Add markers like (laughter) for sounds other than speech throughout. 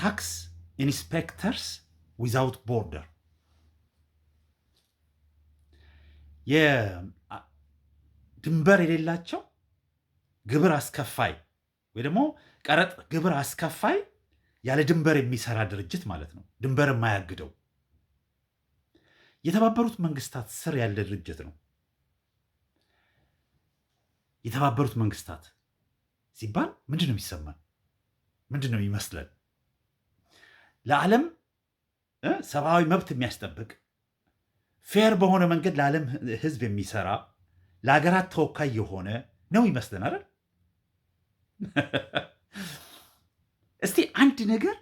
ታክስ ኢንስፔክተርስ ዊዛውት ቦርደር የድንበር የሌላቸው ግብር አስከፋይ ወይ ደግሞ ቀረጥ ግብር አስከፋይ ያለ ድንበር የሚሰራ ድርጅት ማለት ነው። ድንበር የማያግደው የተባበሩት መንግስታት ስር ያለ ድርጅት ነው። የተባበሩት መንግስታት ሲባል ምንድን ነው የሚሰማን? ምንድን ነው ይመስለን? ለዓለም ሰብአዊ መብት የሚያስጠብቅ ፌር በሆነ መንገድ ለዓለም ህዝብ የሚሰራ ለሀገራት ተወካይ የሆነ ነው ይመስለን አይደል? (laughs) እስቲ አንድ ነገር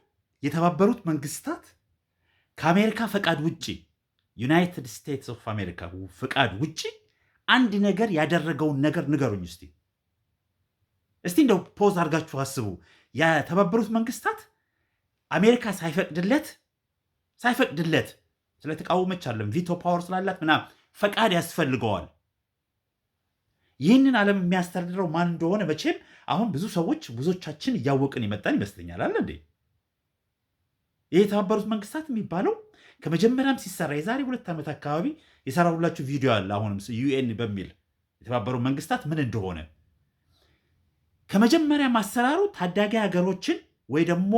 የተባበሩት መንግስታት ከአሜሪካ ፈቃድ ውጭ ዩናይትድ ስቴትስ ኦፍ አሜሪካ ፍቃድ ውጭ አንድ ነገር ያደረገውን ነገር ንገሩኝ እስቲ እስቲ እንደው ፖዝ አድርጋችሁ አስቡ። የተባበሩት መንግስታት አሜሪካ ሳይፈቅድለት ሳይፈቅድለት ስለተቃወመች አለም ቪቶ ፓወር ስላላት ምናምን ፈቃድ ያስፈልገዋል። ይህንን ዓለም የሚያስተዳድረው ማን እንደሆነ መቼም አሁን ብዙ ሰዎች ብዙዎቻችን እያወቅን ይመጣን ይመስለኛል። አለ እንዴ ይህ የተባበሩት መንግስታት የሚባለው ከመጀመሪያም ሲሰራ የዛሬ ሁለት ዓመት አካባቢ የሰራሁላችሁ ቪዲዮ አለ። አሁንም ዩኤን በሚል የተባበሩት መንግስታት ምን እንደሆነ ከመጀመሪያም አሰራሩ ታዳጊ ሀገሮችን ወይ ደግሞ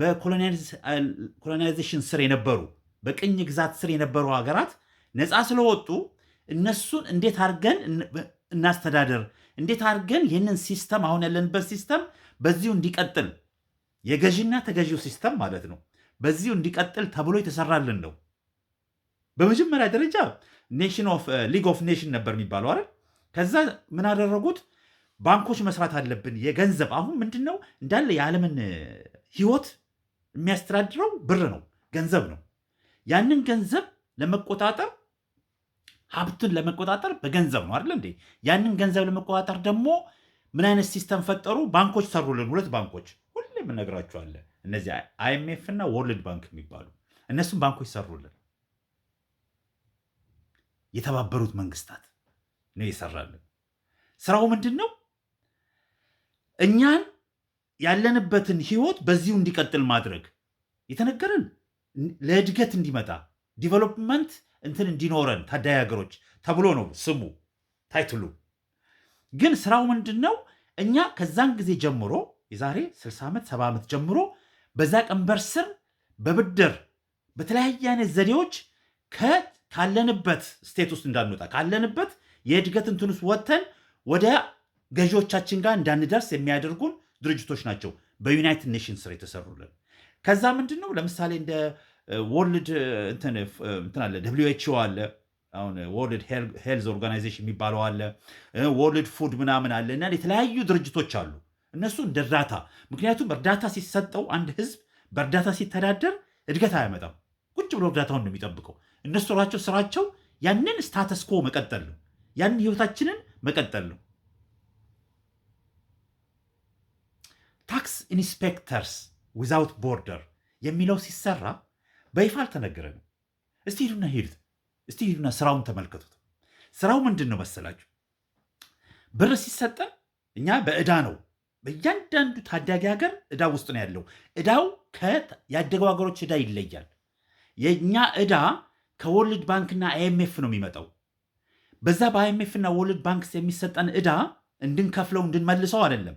በኮሎናይዜሽን ስር የነበሩ በቅኝ ግዛት ስር የነበሩ ሀገራት ነፃ ስለወጡ እነሱን እንዴት አድርገን እናስተዳደር፣ እንዴት አድርገን ይህንን ሲስተም አሁን ያለንበት ሲስተም በዚሁ እንዲቀጥል የገዥና ተገዢው ሲስተም ማለት ነው፣ በዚሁ እንዲቀጥል ተብሎ የተሰራልን ነው። በመጀመሪያ ደረጃ ኔሽን ኦፍ ሊግ ኦፍ ኔሽን ነበር የሚባለው አይደል? ከዛ ምን አደረጉት? ባንኮች መስራት አለብን። የገንዘብ አሁን ምንድን ነው እንዳለ የዓለምን ህይወት የሚያስተዳድረው ብር ነው፣ ገንዘብ ነው። ያንን ገንዘብ ለመቆጣጠር ሀብትን ለመቆጣጠር በገንዘብ ነው አይደለ እንዴ? ያንን ገንዘብ ለመቆጣጠር ደግሞ ምን አይነት ሲስተም ፈጠሩ? ባንኮች ሰሩልን። ሁለት ባንኮች ሁሌም እነግራቸዋለሁ፣ እነዚህ አይኤምኤፍ እና ወርልድ ባንክ የሚባሉ እነሱም ባንኮች ሰሩልን። የተባበሩት መንግስታት ነው የሰራልን። ስራው ምንድን ነው? እኛን ያለንበትን ህይወት በዚሁ እንዲቀጥል ማድረግ የተነገረን ለእድገት እንዲመጣ ዲቨሎፕመንት እንትን እንዲኖረን ታዳጊ ሀገሮች ተብሎ ነው ስሙ ታይትሉ። ግን ስራው ምንድን ነው? እኛ ከዛን ጊዜ ጀምሮ የዛሬ 60 ዓመት 70 ዓመት ጀምሮ በዛ ቀንበር ስር በብድር በተለያየ አይነት ዘዴዎች ካለንበት ስቴት ውስጥ እንዳንወጣ ካለንበት የእድገት እንትን ውስጥ ወጥተን ወደ ገዢዎቻችን ጋር እንዳንደርስ የሚያደርጉን ድርጅቶች ናቸው በዩናይትድ ኔሽንስ ስር የተሰሩልን። ከዛ ምንድን ነው ለምሳሌ እንደ ወርልድ እንትን አለ ደብሊው ኤች ኦ አለ አሁን ወርልድ ሄልዝ ኦርጋናይዜሽን የሚባለው አለ፣ ወርልድ ፉድ ምናምን አለ እና የተለያዩ ድርጅቶች አሉ። እነሱ እንደ እርዳታ ምክንያቱም እርዳታ ሲሰጠው አንድ ህዝብ በእርዳታ ሲተዳደር እድገት አያመጣም። ቁጭ ብሎ እርዳታውን ነው የሚጠብቀው። እነሱ ራቸው ስራቸው ያንን ስታተስኮ መቀጠል ነው፣ ያንን ህይወታችንን መቀጠል ነው። ታክስ ኢንስፔክተርስ ዊዛውት ቦርደር የሚለው ሲሰራ በይፋ አልተነገረንም። እስቲ ሂዱና ሂዱት፣ እስቲ ሂዱና ስራውን ተመልከቱት። ስራው ምንድን ነው መሰላችሁ? ብር ሲሰጠን እኛ በእዳ ነው። በእያንዳንዱ ታዳጊ ሀገር እዳ ውስጥ ነው ያለው። እዳው ያደገው ሀገሮች እዳ ይለያል። የእኛ እዳ ከወርልድ ባንክና አይኤምኤፍ ነው የሚመጣው። በዛ በአይኤምኤፍ እና ወርልድ ባንክስ የሚሰጠን እዳ እንድንከፍለው እንድንመልሰው አይደለም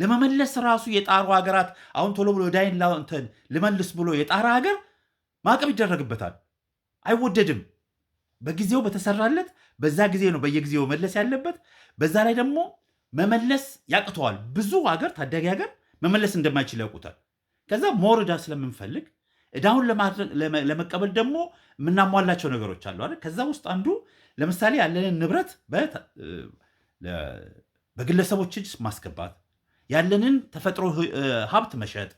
ለመመለስ ራሱ የጣሩ ሀገራት አሁን ቶሎ ብሎ ዳይን ላንተን ልመልስ ብሎ የጣረ ሀገር ማዕቀብ ይደረግበታል። አይወደድም። በጊዜው በተሰራለት በዛ ጊዜ ነው በየጊዜው መለስ ያለበት። በዛ ላይ ደግሞ መመለስ ያቅተዋል። ብዙ ሀገር ታዳጊ ሀገር መመለስ እንደማይችል ያውቁታል። ከዛ ሞር ስለምንፈልግ እዳሁን ለመቀበል ደግሞ የምናሟላቸው ነገሮች አሉ አይደል? ከዛ ውስጥ አንዱ ለምሳሌ ያለንን ንብረት በግለሰቦች እጅ ማስገባት ያለንን ተፈጥሮ ሀብት መሸጥ፣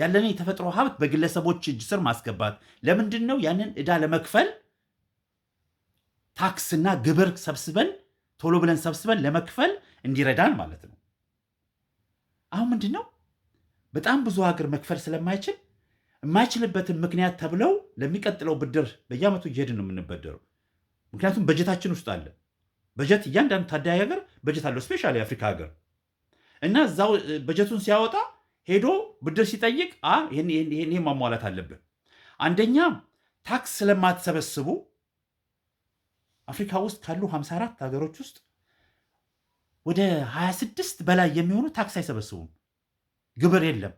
ያለንን የተፈጥሮ ሀብት በግለሰቦች እጅ ስር ማስገባት። ለምንድን ነው ያንን እዳ ለመክፈል ታክስና ግብር ሰብስበን ቶሎ ብለን ሰብስበን ለመክፈል እንዲረዳን ማለት ነው። አሁን ምንድን ነው በጣም ብዙ ሀገር መክፈል ስለማይችል የማይችልበትን ምክንያት ተብለው ለሚቀጥለው ብድር በየዓመቱ እየሄድን ነው የምንበደረው። ምክንያቱም በጀታችን ውስጥ አለ። በጀት እያንዳንዱ ታዳጊ ሀገር በጀት አለው። ስፔሻሊ የአፍሪካ ሀገር እና እዛው በጀቱን ሲያወጣ ሄዶ ብድር ሲጠይቅ ይሄን ማሟላት አለብን። አንደኛ ታክስ ስለማትሰበስቡ አፍሪካ ውስጥ ካሉ 54 ሀገሮች ውስጥ ወደ 26 በላይ የሚሆኑ ታክስ አይሰበስቡም። ግብር የለም፣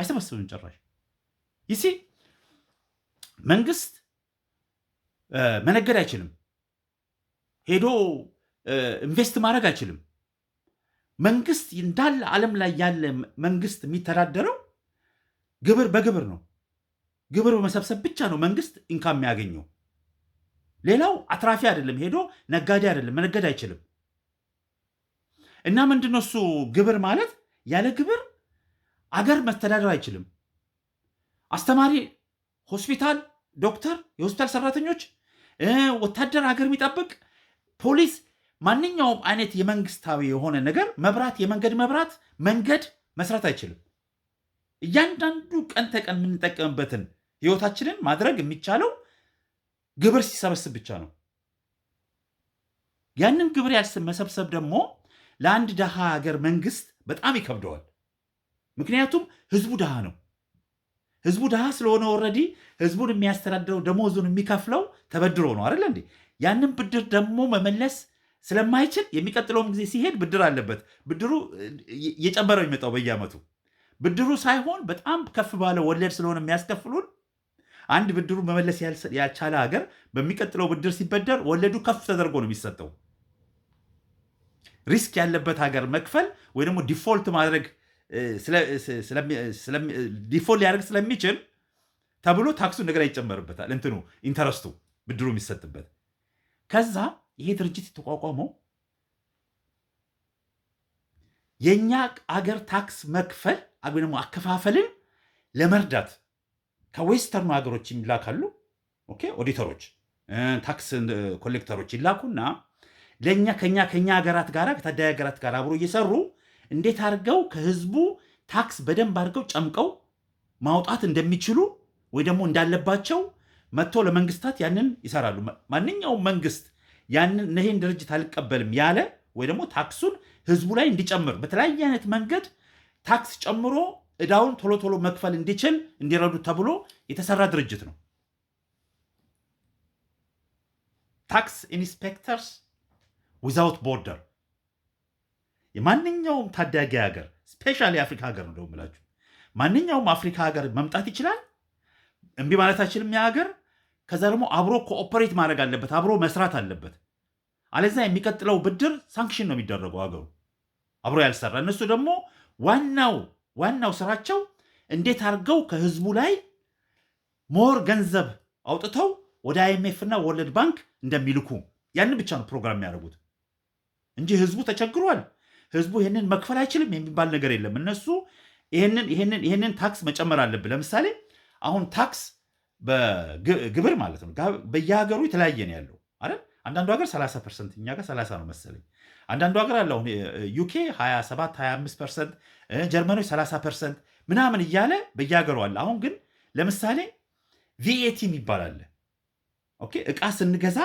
አይሰበስብም ጭራሽ። ይሲ መንግስት መነገድ አይችልም፣ ሄዶ ኢንቨስት ማድረግ አይችልም። መንግስት እንዳለ ዓለም ላይ ያለ መንግስት የሚተዳደረው ግብር በግብር ነው። ግብር በመሰብሰብ ብቻ ነው መንግስት ኢንካም የሚያገኘው። ሌላው አትራፊ አይደለም፣ ሄዶ ነጋዴ አይደለም፣ መነገድ አይችልም። እና ምንድነው እሱ ግብር ማለት ያለ ግብር አገር መተዳደር አይችልም። አስተማሪ፣ ሆስፒታል፣ ዶክተር፣ የሆስፒታል ሰራተኞች፣ ወታደር አገር የሚጠብቅ ፖሊስ ማንኛውም አይነት የመንግስታዊ የሆነ ነገር መብራት፣ የመንገድ መብራት መንገድ መስራት አይችልም። እያንዳንዱ ቀን ተቀን የምንጠቀምበትን ህይወታችንን ማድረግ የሚቻለው ግብር ሲሰበስብ ብቻ ነው። ያንን ግብር መሰብሰብ ደግሞ ለአንድ ድሃ ሀገር መንግስት በጣም ይከብደዋል። ምክንያቱም ህዝቡ ድሃ ነው። ህዝቡ ድሃ ስለሆነ ኦልሬዲ ህዝቡን የሚያስተዳድረው ደሞዙን የሚከፍለው ተበድሮ ነው አይደለ እንዴ? ያንን ብድር ደግሞ መመለስ ስለማይችል የሚቀጥለውም ጊዜ ሲሄድ ብድር አለበት። ብድሩ እየጨመረው የሚመጣው በየዓመቱ ብድሩ ሳይሆን በጣም ከፍ ባለ ወለድ ስለሆነ የሚያስከፍሉን አንድ ብድሩ መመለስ ያልቻለ ሀገር በሚቀጥለው ብድር ሲበደር ወለዱ ከፍ ተደርጎ ነው የሚሰጠው። ሪስክ ያለበት ሀገር መክፈል ወይ ደግሞ ዲፎልት ማድረግ ዲፎልት ሊያደርግ ስለሚችል ተብሎ ታክሱ ነገር ይጨመርበታል። እንትኑ ኢንተረስቱ ብድሩ የሚሰጥበት ከዛ ይሄ ድርጅት የተቋቋመው የእኛ አገር ታክስ መክፈል ወይ ደግሞ አከፋፈልን ለመርዳት ከዌስተርኑ ሀገሮች ይላካሉ። ኦኬ ኦዲተሮች፣ ታክስ ኮሌክተሮች ይላኩና ለእኛ ከኛ ከኛ ሀገራት ጋር ከታዳጊ ሀገራት ጋር አብሮ እየሰሩ እንዴት አድርገው ከህዝቡ ታክስ በደንብ አድርገው ጨምቀው ማውጣት እንደሚችሉ ወይ ደግሞ እንዳለባቸው መጥቶ ለመንግስታት ያንን ይሰራሉ። ማንኛውም መንግስት ያንን ይህን ድርጅት አልቀበልም ያለ ወይ ደግሞ ታክሱን ህዝቡ ላይ እንዲጨምር በተለያየ አይነት መንገድ ታክስ ጨምሮ እዳውን ቶሎ ቶሎ መክፈል እንዲችል እንዲረዱ ተብሎ የተሰራ ድርጅት ነው። ታክስ ኢንስፔክተርስ ዊዛውት ቦርደር የማንኛውም ታዳጊ ሀገር ስፔሻሊ የአፍሪካ ሀገር ነው የምላችሁ። ማንኛውም አፍሪካ ሀገር መምጣት ይችላል። እምቢ ማለታችንም ያ ሀገር ከዛ ደግሞ አብሮ ኮኦፐሬት ማድረግ አለበት፣ አብሮ መስራት አለበት። አለዛ የሚቀጥለው ብድር ሳንክሽን ነው የሚደረገው አገሩ አብሮ ያልሰራ። እነሱ ደግሞ ዋናው ዋናው ስራቸው እንዴት አድርገው ከህዝቡ ላይ ሞር ገንዘብ አውጥተው ወደ አይኤምኤፍ እና ወርልድ ባንክ እንደሚልኩ ያንን ብቻ ነው ፕሮግራም የሚያደርጉት እንጂ ህዝቡ ተቸግሯል፣ ህዝቡ ይህንን መክፈል አይችልም የሚባል ነገር የለም። እነሱ ይህንን ታክስ መጨመር አለብን። ለምሳሌ አሁን ታክስ ግብር ማለት ነው። በየሀገሩ የተለያየ ነው ያለው አይደል? አንዳንዱ ሀገር 30 ፐርሰንት፣ እኛ ጋር 30 ነው መሰለኝ። አንዳንዱ ሀገር አለ አሁን ዩኬ 27 25 ፐርሰንት፣ ጀርመኖች 30 ፐርሰንት ምናምን እያለ በየሀገሩ አለ። አሁን ግን ለምሳሌ ቪኤቲ የሚባል ኦኬ እቃ ስንገዛ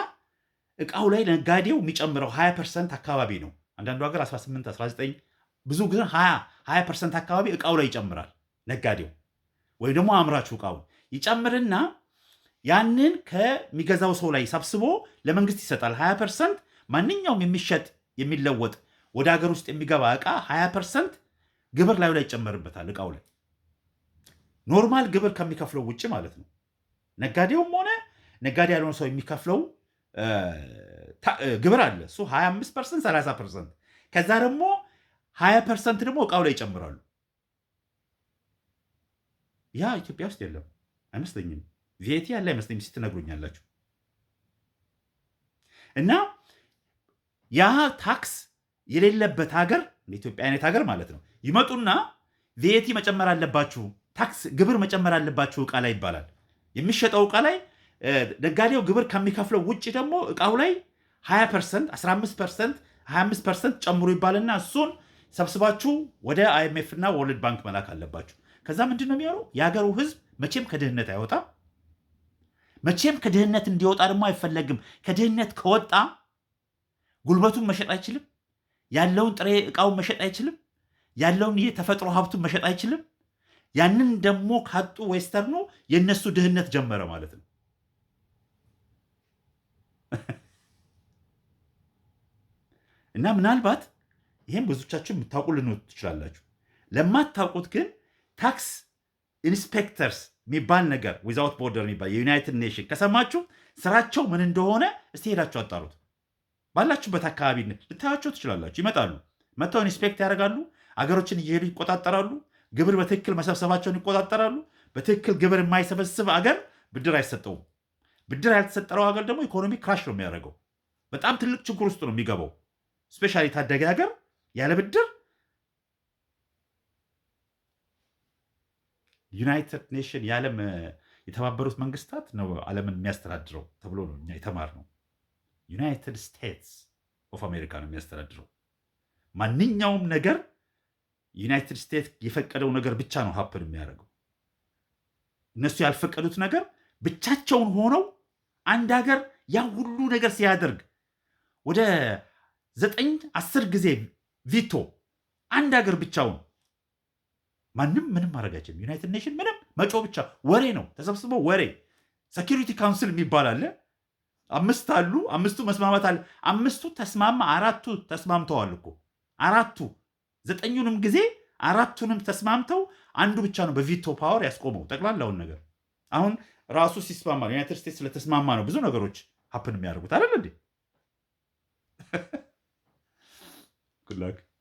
እቃው ላይ ነጋዴው የሚጨምረው 20 ፐርሰንት አካባቢ ነው። አንዳንዱ ሀገር 18 19 ብዙ ጊዜ 20 ፐርሰንት አካባቢ እቃው ላይ ይጨምራል ነጋዴው ወይም ደግሞ አምራቹ እቃውን ይጨምርና ያንን ከሚገዛው ሰው ላይ ሰብስቦ ለመንግስት ይሰጣል። 20 ፐርሰንት ማንኛውም የሚሸጥ የሚለወጥ ወደ ሀገር ውስጥ የሚገባ እቃ 20 ፐርሰንት ግብር ላዩ ላይ ይጨመርበታል እቃው ላይ ኖርማል ግብር ከሚከፍለው ውጭ ማለት ነው። ነጋዴውም ሆነ ነጋዴ ያልሆነ ሰው የሚከፍለው ግብር አለ። እሱ 25 ፐርሰንት፣ 30 ፐርሰንት ከዛ ደግሞ 20 ፐርሰንት ደግሞ እቃው ላይ ይጨምራሉ። ያ ኢትዮጵያ ውስጥ የለም። አይመስለኝም። ቪአይቲ ያለ አይመስለኝም። እስኪ ትነግሩኛላችሁ። እና ያ ታክስ የሌለበት ሀገር እንደ ኢትዮጵያ አይነት ሀገር ማለት ነው። ይመጡና ቪአይቲ መጨመር አለባችሁ፣ ታክስ ግብር መጨመር አለባችሁ እቃ ላይ ይባላል። የሚሸጠው እቃ ላይ ነጋዴው ግብር ከሚከፍለው ውጭ ደግሞ እቃው ላይ 20 ፐርሰንት፣ 15 ፐርሰንት፣ 25 ፐርሰንት ጨምሩ ይባልና እሱን ሰብስባችሁ ወደ አይኤምኤፍ እና ወርልድ ባንክ መላክ አለባችሁ። ከዛ ምንድን ነው የሚሆነው? የሀገሩ ህዝብ መቼም ከድህነት አይወጣም። መቼም ከድህነት እንዲወጣ ደግሞ አይፈለግም። ከድህነት ከወጣ ጉልበቱን መሸጥ አይችልም። ያለውን ጥሬ እቃውን መሸጥ አይችልም። ያለውን የተፈጥሮ ሀብቱን መሸጥ አይችልም። ያንን ደግሞ ካጡ ዌስተርኑ የእነሱ ድህነት ጀመረ ማለት ነው። እና ምናልባት ይህም ብዙቻችሁ የምታውቁ ልኖር ትችላላችሁ። ለማታውቁት ግን ታክስ ኢንስፔክተርስ የሚባል ነገር ዊዛውት ቦርደር የሚባል የዩናይትድ ኔሽን ከሰማችሁ ስራቸው ምን እንደሆነ እስቲ ሄዳችሁ አጣሩት። ባላችሁበት አካባቢ ልታያቸው ትችላላችሁ። ይመጣሉ፣ መጥተው ኢንስፔክት ያደርጋሉ። አገሮችን እየሄዱ ይቆጣጠራሉ። ግብር በትክክል መሰብሰባቸውን ይቆጣጠራሉ። በትክክል ግብር የማይሰበስብ አገር ብድር አይሰጠውም። ብድር ያልተሰጠረው ሀገር ደግሞ ኢኮኖሚ ክራሽ ነው የሚያደርገው። በጣም ትልቅ ችግር ውስጥ ነው የሚገባው። ስፔሻሊ የታደገ ሀገር ያለ ብድር ዩናይትድ ኔሽን የዓለም የተባበሩት መንግስታት ነው ዓለምን የሚያስተዳድረው ተብሎ ነው እኛ የተማርነው። ዩናይትድ ስቴትስ ኦፍ አሜሪካ ነው የሚያስተዳድረው። ማንኛውም ነገር ዩናይትድ ስቴትስ የፈቀደው ነገር ብቻ ነው ሀፕን የሚያደርገው። እነሱ ያልፈቀዱት ነገር ብቻቸውን ሆነው አንድ ሀገር ያ ሁሉ ነገር ሲያደርግ ወደ ዘጠኝ አስር ጊዜ ቪቶ አንድ ሀገር ብቻውን ማንም ምንም ማድረግ አይችልም። ዩናይትድ ኔሽን ምንም መጮ ብቻ ወሬ ነው፣ ተሰብስቦ ወሬ። ሴኪሪቲ ካውንስል የሚባል አለ፣ አምስት አሉ። አምስቱ መስማማት አለ። አምስቱ ተስማማ፣ አራቱ ተስማምተዋል እኮ አራቱ ዘጠኙንም ጊዜ አራቱንም ተስማምተው አንዱ ብቻ ነው በቪቶ ፓወር ያስቆመው ጠቅላላውን ነገር። አሁን ራሱ ሲስማማ ዩናይትድ ስቴትስ ስለተስማማ ነው ብዙ ነገሮች ሀፕን የሚያደርጉት አይደል እንዴ? (laughs)